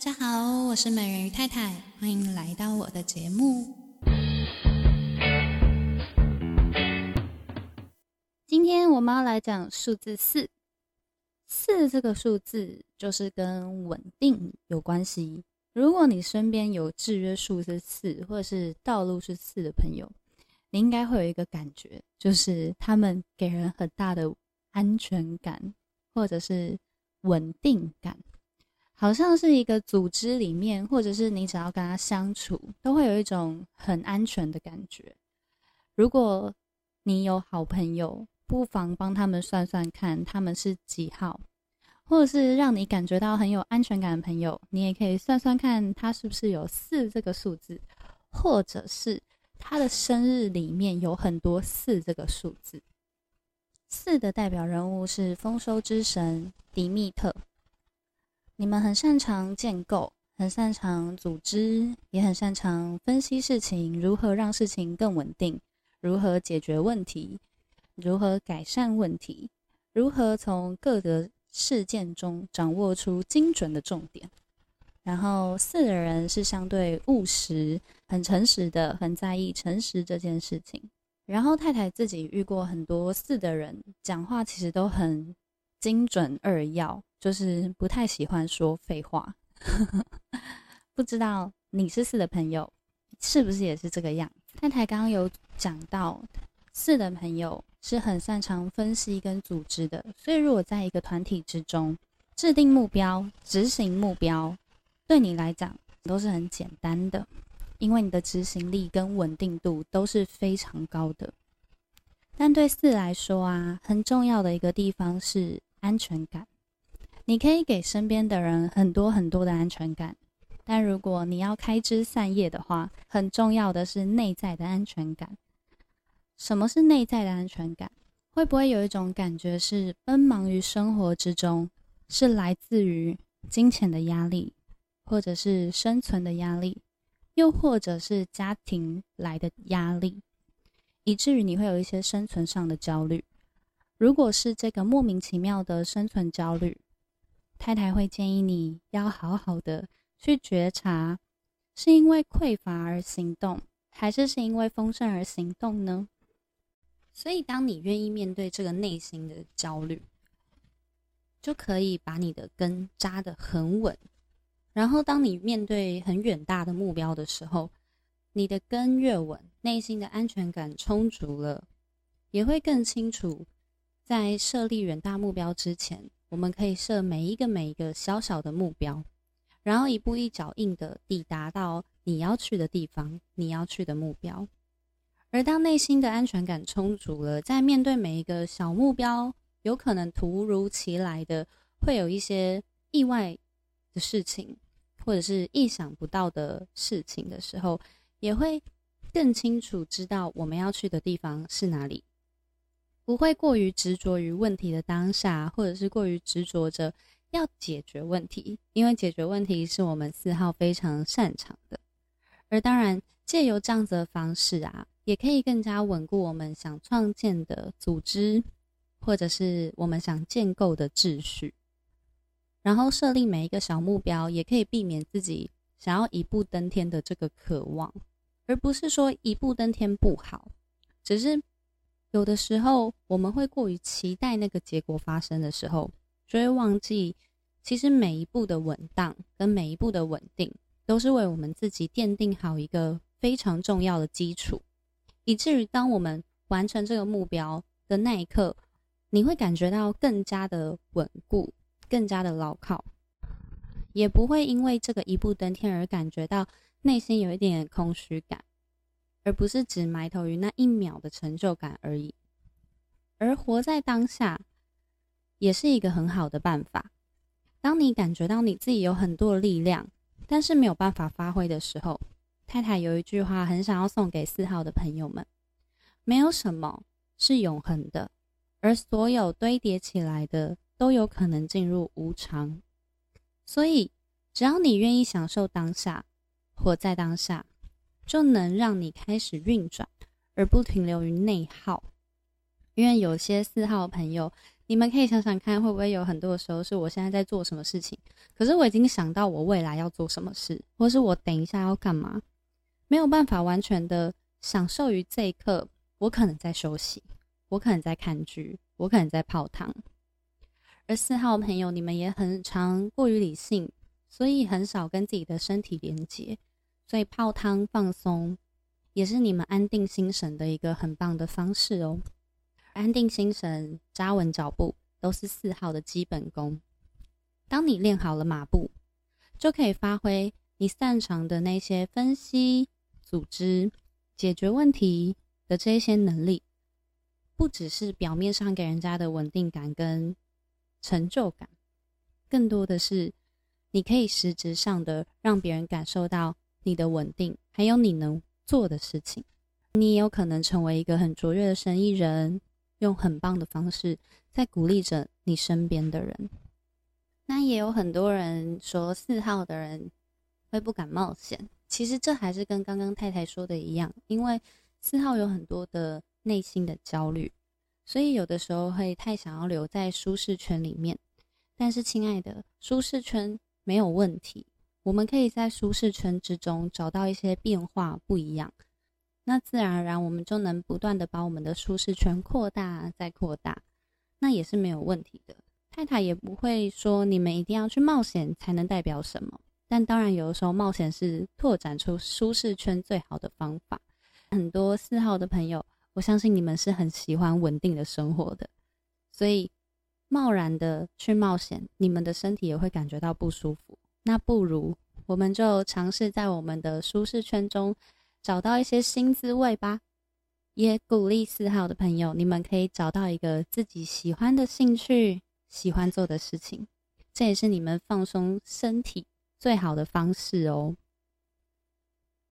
大家好，我是美人魚太太，歡迎來到我的節目。今天我們要來講數字四。四這個數字就是跟穩定有關係。如果你身邊有制約數字四，或者是道路是四的朋友，你應該會有一個感覺，就是他們給人很大的安全感，或者是穩定感。好像是一個組織裡面，或者是你只要跟他相處，都會有一種很安全的感覺。如果你有好朋友，不妨幫他們算算看，他們是幾號，或者是讓你感覺到很有安全感的朋友，你也可以算算看，他是不是有四這個數字，或者是他的生日裡面有很多四這個數字。四的代表人物是豐收之神迪密特。你們很擅長建構，很擅長組織，也很擅長分析事情，如何讓事情更穩定，如何解決問題，如何改善問題，如何從各個事件中掌握出精準的重點。然後四的人是相對務實，很誠實的，很在意誠實這件事情。然後太太自己遇過很多四的人，講話其實都很精準扼要。就是不太喜歡說廢話，呵呵，不知道你是四的朋友，是不是也是這個樣？太太剛剛有講到，四的朋友是很擅長分析跟組織的，所以如果在一個團體之中，制定目標、執行目標，對你來講都是很簡單的，因為你的執行力跟穩定度都是非常高的。但對四來說啊，很重要的一個地方是安全感。你可以給身邊的人很多很多的安全感，但如果你要開枝散葉的話，很重要的是內在的安全感。什麼是內在的安全感？會不會有一種感覺是奔忙於生活之中，是來自於金錢的壓力，或者是生存的壓力，又或者是家庭來的壓力，以至於你會有一些生存上的焦慮。如果是這個莫名其妙的生存焦慮，太太會建議你要好好的去覺察，是因為匱乏而行動，還是是因為豐盛而行動呢？所以，當你願意面對這個內心的焦慮，就可以把你的根扎得很穩。然後，當你面對很遠大的目標的時候，你的根越穩，內心的安全感充足了，也會更清楚在設立遠大目標之前。我們可以設每一個每一個小小的目標，然後一步一腳印的抵達到你要去的地方，你要去的目標。而當內心的安全感充足了，在面對每一個小目標，有可能突如其來的會有一些意外的事情，或者是意想不到的事情的時候，也會更清楚知道我們要去的地方是哪裡。不會過於執着於問題的當下，或者是過於執着着要解決問題，因為解決問題是我們四號非常擅長的。而當然，借由這樣子的方式啊，也可以更加穩固我們想創建的組織，或者是我們想建構的秩序。然後，設立每一個小目標，也可以避免自己想要一步登天的這個渴望，而不是說一步登天不好，只是。有的時候，我們會過於期待那個結果發生的時候，就會忘記，其實每一步的穩當跟每一步的穩定，都是為我們自己奠定好一個非常重要的基礎。以至於當我們完成這個目標的那一刻，你會感覺到更加的穩固，更加的牢靠，也不會因為這個一步登天而感覺到內心有一點空虛感。而不是只埋頭於那一秒的成就感而已，而活在當下也是一個很好的辦法。當你感覺到你自己有很多力量，但是沒有辦法發揮的時候，太太有一句話很想要送給四號的朋友們，沒有什麼是永恆的，而所有堆疊起來的都有可能進入無常。所以，只要你願意享受當下，活在當下。就能讓你開始運轉，而不停留於內耗。因為有些四號朋友，你們可以想想看，會不會有很多的時候是我現在在做什麼事情，可是我已經想到我未來要做什麼事，或是我等一下要幹嘛，沒有辦法完全的享受於這一刻。我可能在休息，我可能在看劇，我可能在泡湯。而四號朋友，你們也很常過於理性，所以很少跟自己的身體連接。所以泡湯放鬆也是你們安定心神的一個很棒的方式哦。安定心神、扎穩腳步都是四號的基本功。當你練好了馬步，就可以發揮你擅長的那些分析、組織、解決問題的這些能力。不只是表面上給人家的穩定感跟成就感，更多的是你可以實質上的讓別人感受到。你的穩定，還有你能做的事情，你也有可能成為一個很卓越的生意人，用很棒的方式在鼓勵着你身邊的人。那也有很多人說四號的人會不敢冒險，其實這還是跟剛剛太太說的一樣，因為四號有很多的內心的焦慮，所以有的時候會太想要留在舒適圈裡面。但是，親愛的，舒適圈沒有問題。我們可以在舒適圈之中找到一些變化不一樣，那自然而然我們就能不斷的把我們的舒適圈擴大再擴大，那也是沒有問題的。太太也不會說你們一定要去冒險才能代表什麼，但當然有的時候冒險是拓展出舒適圈最好的方法。很多四號的朋友，我相信你們是很喜歡穩定的生活的，所以貿然的去冒險，你們的身體也會感覺到不舒服。那不如我們就嘗試在我們的舒適圈中找到一些新滋味吧。也鼓勵四號的朋友，你們可以找到一個自己喜歡的興趣、喜歡做的事情，這也是你們放鬆身體最好的方式哦。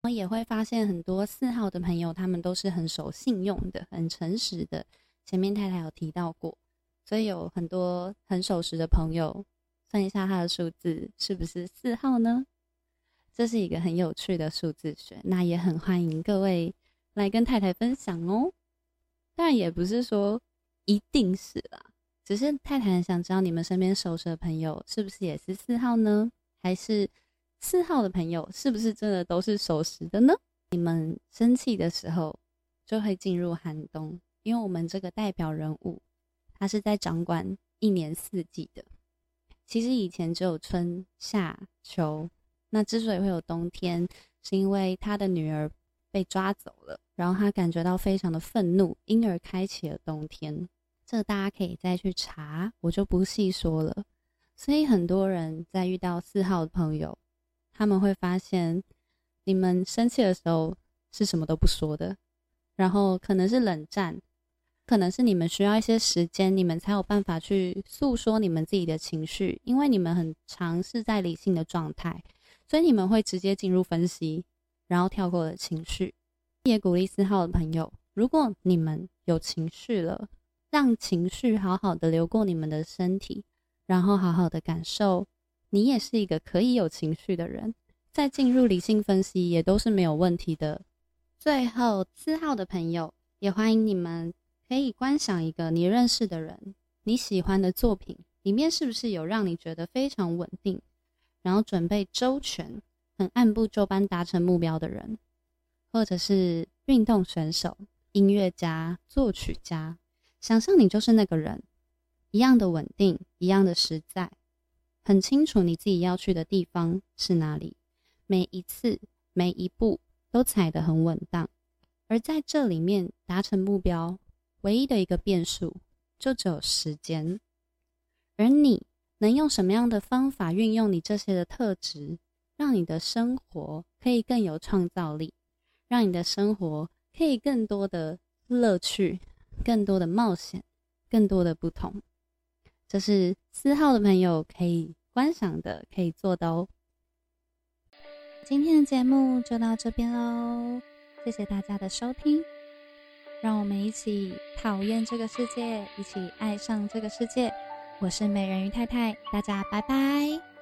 我也會發現很多四號的朋友，他們都是很守信用的、很誠實的。前面太太有提到過，所以有很多很守時的朋友。算一下他的數字是不是四號呢？這是一個很有趣的數字學，那也很歡迎各位來跟太太分享哦。當然也不是說一定是啦，啊，只是太太很想知道你們身邊守時的朋友是不是也是四號呢？還是四號的朋友是不是真的都是守時的呢？你們生氣的時候就會進入寒冬，因為我們這個代表人物，他是在掌管一年四季的。其實以前只有春夏秋，那之所以會有冬天，是因為他的女兒被抓走了，然後他感覺到非常的憤怒，因而開啟了冬天。這個大家可以再去查，我就不細說了。所以很多人在遇到四號的朋友，他們會發現你們生氣的時候是什麼都不說的，然後可能是冷戰。可能是你們需要一些時間，你們才有辦法去訴說你們自己的情緒，因為你們很常是在理性的狀態，所以你們會直接進入分析，然後跳過了情緒。也鼓勵四號的朋友，如果你們有情緒了，讓情緒好好的流過你們的身體，然後好好的感受，你也是一個可以有情緒的人，再進入理性分析也都是沒有問題的。最後，四號的朋友也歡迎你們。可以觀想一個你認識的人，你喜歡的作品裡面是不是有讓你覺得非常穩定，然後準備周全，很按部就班達成目標的人，或者是運動選手、音樂家、作曲家？想象你就是那個人，一樣的穩定，一樣的實在，很清楚你自己要去的地方是哪裡，每一次每一步都踩得很穩當，而在這裡面達成目標。唯一的一個變數就只有時間，而你能用什麼樣的方法運用你這些的特質，讓你的生活可以更有創造力，讓你的生活可以更多的樂趣、更多的冒險、更多的不同，這是四號的朋友可以觀賞的、可以做的哦。今天的節目就到這邊嘍、哦，謝謝大家的收聽。讓我們一起討厭這個世界，一起愛上這個世界。我是美人魚太太，大家拜拜。